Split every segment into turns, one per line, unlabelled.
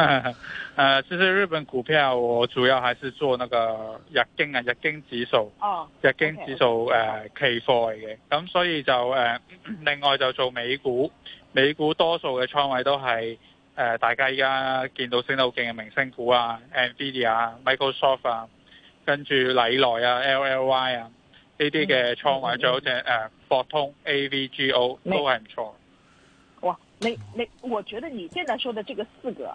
誒， 其實日本股票我主要還是做那個日經啊，日經指數，oh, okay, okay. 日經指數誒 K4 嘅，咁、呃嗯、所以就誒、呃，另外就做美股，美股多數嘅倉位都係誒、呃，大家依家見到升得好勁嘅明星股啊，NVIDIA、啊, Microsoft，啊，跟住禮來啊，LLY 啊，呢啲嘅倉位就好，仲有隻誒博通 AVGO 都係唔錯。哇，你你我覺得你現在說的這個四個？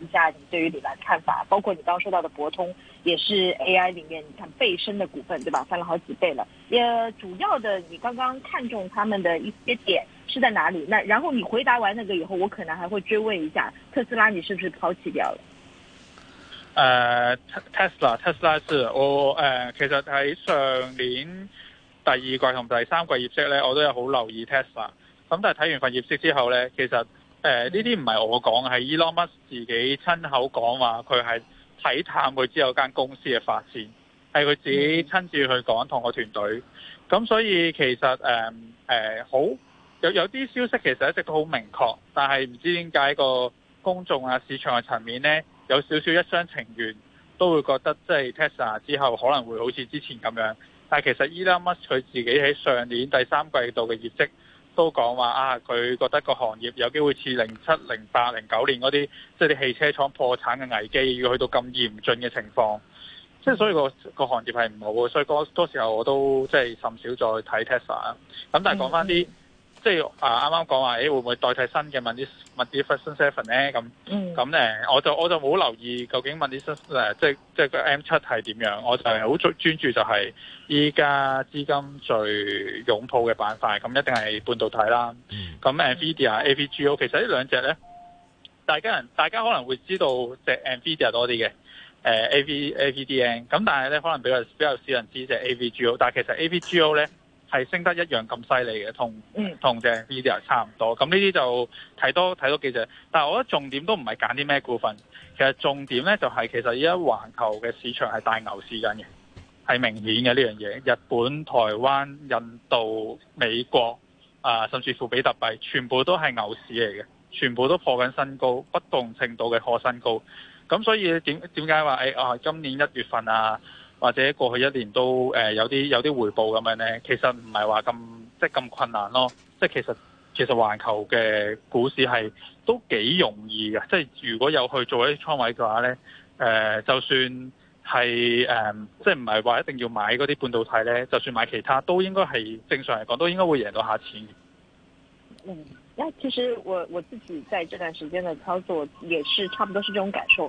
一下，你對於李蘭看法，包括你剛剛說到的博通，也是 AI 裏面你看倍升的股份對吧？翻了好幾倍了。也、呃、主要的你剛剛看中他們的一些點是在哪裏？那然後你回答完那個以後，我可能還會追問一下特斯拉、呃、特斯拉，你是不是拋棄掉了？
呃，Tesla，Tesla 是我呃，其實喺上年第二季同第三季業績呢，我都有好留意 Tesla。咁但係睇完份業績之後呢，其實。誒呢啲唔係我講，係 Elon Musk 自己親口講話，佢係睇探佢知有間公司嘅發展，係佢自己親自去講同個團隊。咁所以其實誒、嗯呃、好有有啲消息其實一直都好明確，但係唔知點解個公眾啊市場嘅層面呢，有少少一廂情願，都會覺得即係 Tesla 之後可能會好似之前咁樣。但係其實 Elon Musk 佢自己喺上年第三季度嘅業績。都講話啊，佢覺得個行業有機會似零七、零八、零九年嗰啲，即係啲汽車廠破產嘅危機，要去到咁嚴峻嘅情況，即係所以個個行業係唔好嘅，所以多多時候我都即係甚少再睇 Tesla 啊。咁但係講翻啲。即係啊，啱啱講話，誒會唔會代替新嘅問啲問啲 First Seven 咧？咁咁呢，我就我就冇留意究竟問啲 f 即係即係個 M 七係點樣？我就係好專專注就係依家資金最擁抱嘅板塊，咁一定係半導體啦。咁、mm. NVIDIA、AVGO 其實呢兩隻咧，大家人大家可能會知道隻 NVIDIA 多啲嘅、呃、AV AVDN 咁但係咧，可能比較比較少人知隻 AVGO。但係其實 AVGO 咧。係升得一樣咁犀利嘅，同同即係呢啲係差唔多。咁呢啲就睇多睇多幾隻。但係我覺得重點都唔係揀啲咩股份，其實重點咧就係其實而家環球嘅市場係大牛市緊嘅，係明顯嘅呢樣嘢。日本、台灣、印度、美國啊，甚至乎比特幣，全部都係牛市嚟嘅，全部都破緊新高，不同程度嘅破新高。咁所以點點解話誒啊今年一月份啊？或者過去一年都誒有啲有啲回報咁樣咧，其實唔係話咁即係咁困難咯，即係其實其實環球嘅股市係都幾容易嘅，即係如果有去做一啲倉位嘅話咧，誒、呃、就算係誒、呃、即係唔係話一定要買嗰啲半導體咧，就算買其他都應該係正常嚟講都應該會贏到下錢。嗯，因
其實我我自己在這段時間嘅操作也是差不多是這種感受。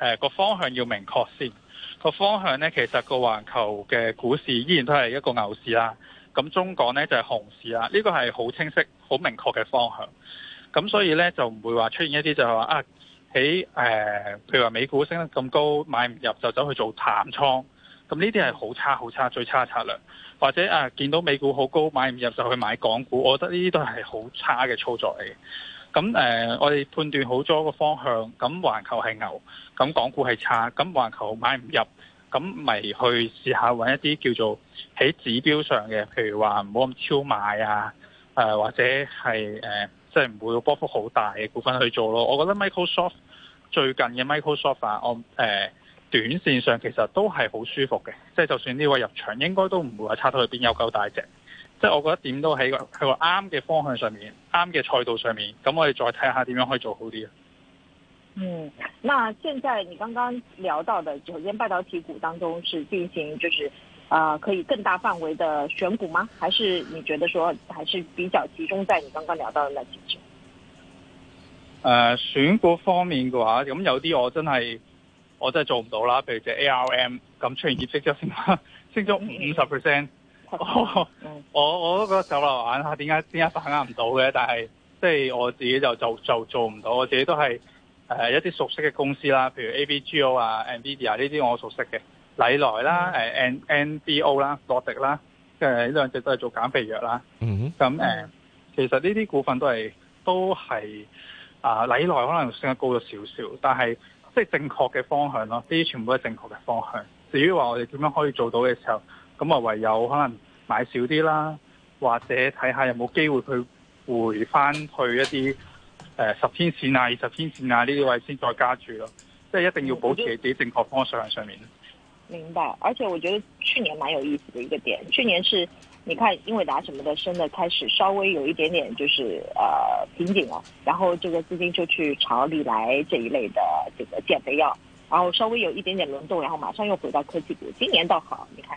誒個、啊、方向要明確先，個方向呢，其實個環球嘅股市依然都係一個牛市啦，咁中港呢，就係熊市啦，呢、這個係好清晰、好明確嘅方向。咁所以呢，就唔會話出現一啲就係話啊喺誒、呃、譬如話美股升得咁高買唔入就走去做淡倉，咁呢啲係好差、好差、最差嘅策略。或者啊見到美股好高買唔入就去買港股，我覺得呢啲都係好差嘅操作嚟。咁誒，我哋判斷好咗個方向，咁環球係牛，咁港股係差，咁環球買唔入，咁咪去試下揾一啲叫做喺指標上嘅，譬如話唔好咁超買啊，誒或者係誒即係唔會波幅好大嘅股份去做咯。我覺得 Microsoft 最近嘅 Microsoft 啊，我、呃、誒短線上其實都係好舒服嘅，即、就、係、是、就算呢位入場，應該都唔會話差到去邊，有夠大隻。即係我覺得點都喺個喺啱嘅方向上面，啱嘅賽道上面，咁我哋再睇下點樣可以做好啲。嗯，
那現在你剛剛聊到的，首先半導體股當中是進行，就是啊、呃，可以更大範圍的選股嗎？還是你覺得說還是比較集中在你剛剛聊到嘅那幾隻？誒、
呃，選股方面嘅話，咁有啲我真係我真係做唔到啦。譬如就 ARM 咁出現業績就升升咗五十 percent。嗯嗯 我我我都覺得走漏玩下，點解點解把握唔到嘅？但係即係我自己就就就做唔到，我自己都係、呃、一啲熟悉嘅公司啦，譬如 A B G O 啊、Nvidia 呢啲我熟悉嘅，禮來啦、N N B O 啦、洛迪啦，誒、呃、呢兩隻都係做減肥藥啦。嗯咁其實呢啲股份都係都係啊、呃、禮來可能升得高咗少少，但係即係正確嘅方向咯，呢啲全部都係正確嘅方向。至於話我哋點樣可以做到嘅時候，咁啊，唯有可能買少啲啦，或者睇下有冇機會去回翻去一啲誒十天線啊、二十天線啊呢啲位先再加注咯，即係一定要保持喺自己正確方向上面、嗯。
明白，而且我覺得去年蠻有意思的一個點，去年是你看英偉達什麼的升得開始，稍微有一點點就是呃瓶頸啊，然後這個資金就去炒禮來這一類的這個減肥藥，然後稍微有一點點輪動，然後馬上又回到科技股。今年倒好，你看。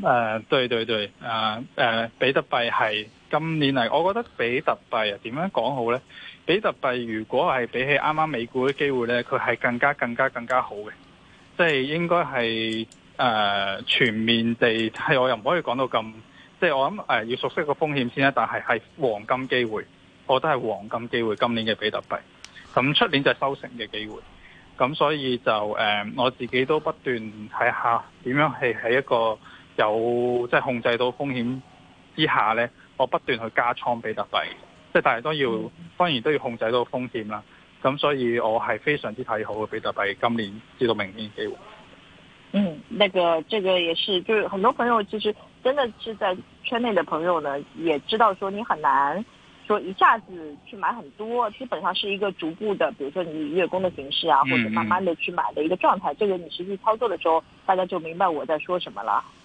誒、呃，對對對，誒、呃呃、比特幣係今年嚟，我覺得比特幣啊點樣講好呢？比特幣如果係比起啱啱美股嘅機會呢，佢係更加更加更加好嘅，即、就、係、是、應該係誒全面地係，我又唔可以講到咁，即、就、係、是、我諗、呃、要熟悉個風險先啦。但係係黃金機會，我覺得係黃金機會。今年嘅比特幣咁出年就係收成嘅機會，咁所以就誒、呃、我自己都不斷睇下點樣係喺一個，有即係控制到風險之下呢，我不斷去加倉比特幣，即係但係都要，嗯、當然都要控制到風險啦。咁所以我係非常之睇好嘅比特幣今年至到明年機會。嗯，
那個這個也是，就是很多朋友其實真的是在圈內的朋友呢，也知道說你很難，說一下子去買很多，基本上是一個逐步的，比如說你月供的形式啊，或者慢慢的去買的一個狀態。這個你實際操作的時候，大家就明白我在說什麼了。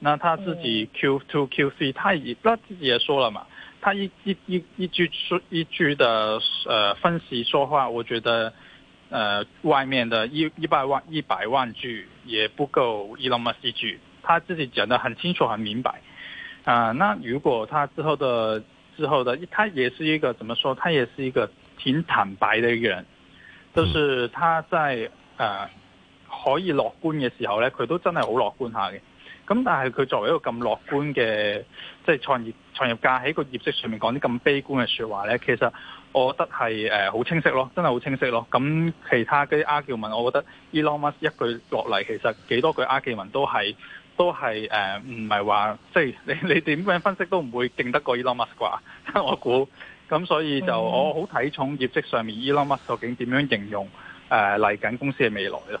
那他自己 Q2Q3，他也他自己也說了嘛，他一一一一句說一句的，呃，分析說話，我覺得，呃，外面的一一百萬一百萬句也不夠 Elon Musk 一句，他自己講得很清楚，很明白，啊、呃，那如果他之後的之後的，他也是一個，怎麼說，他也是一個挺坦白的一個人，就是他在，呃可以樂觀的時候呢，佢都真係好樂觀下嘅。咁但係佢作為一個咁樂觀嘅，即係創業創業家喺個業績上面講啲咁悲觀嘅説話咧，其實我覺得係誒好清晰咯，真係好清晰咯。咁其他嗰啲 argument，我覺得 Elon Musk 一句落嚟，其實幾多句 argument 都係都係誒唔係話即係你你點樣分析都唔會勁得過 Elon Musk 啩。 我估咁所以就、mm hmm. 我好睇重業績上面 Elon Musk 究竟點樣形容誒嚟緊公司嘅未來咯。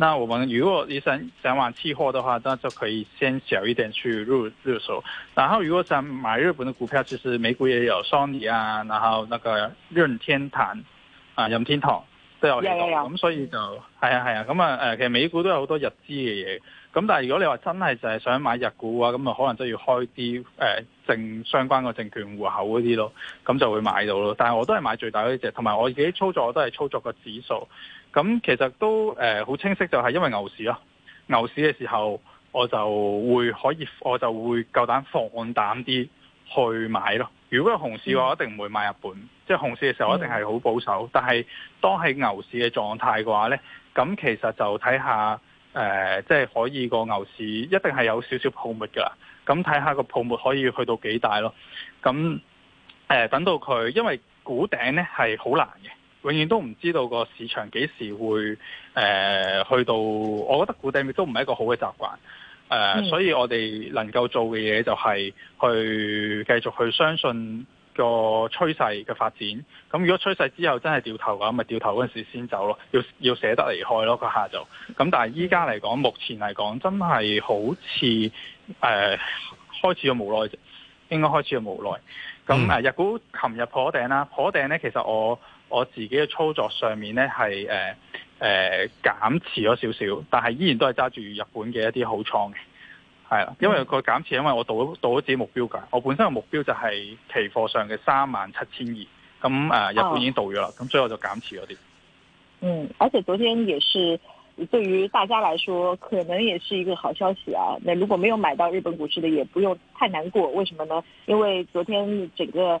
那我們如果你想想玩期貨的話，那就可以先小一點去入，入手。然後如果想買日本嘅股票，其、就、實、是、美股也有 Sony 啊，然後那個任天堂，啊任天堂都有，有。有有咁所以就係啊係啊，咁啊誒、啊、其實美股都有好多日資嘅嘢。咁但係如果你話真係就係想買日股嘅話，咁啊可能都要開啲誒證相關嘅證券戶口嗰啲咯，咁就會買到咯。但係我都係買最大嗰隻，同埋我自己操作我都係操作個指數。咁其實都誒好、呃、清晰，就係因為牛市咯。牛市嘅時候，我就會可以，我就會夠膽放膽啲去買咯。如果係熊市嘅話，我一定唔會買日本。即係、嗯、熊市嘅時候，我一定係好保守。嗯、但係當係牛市嘅狀態嘅話咧，咁其實就睇下誒，即、呃、係、就是、可以個牛市一定係有少少泡沫㗎喇。咁睇下個泡沫可以去到幾大咯。咁、呃、等到佢，因為估頂咧係好難嘅。永遠都唔知道個市場幾時會誒、呃、去到，我覺得沽定亦都唔係一個好嘅習慣。誒、呃，嗯、所以我哋能夠做嘅嘢就係去繼續去相信個趨勢嘅發展。咁如果趨勢之後真係掉頭啊，咪掉頭嗰陣時先走咯，要要捨得離開咯個下就。咁但係依家嚟講，目前嚟講真係好似誒、呃、開始咗無奈啫，應該開始咗無奈。咁、嗯、日股琴日破頂啦，破頂咧其實我。我自己嘅操作上面咧，係、呃呃、減持咗少少，但係依然都係揸住日本嘅一啲好倉嘅，係啦，因為個減持，因為我到到咗自己目標㗎，我本身嘅目標就係期貨上嘅三萬七千二，咁誒日本已經到咗啦，咁所以我就減持咗啲。嗯，
而且昨天也是對於大家來說，可能也是一個好消息啊！那如果沒有買到日本股市的，也不用太難過。為什麼呢？因為昨天整個。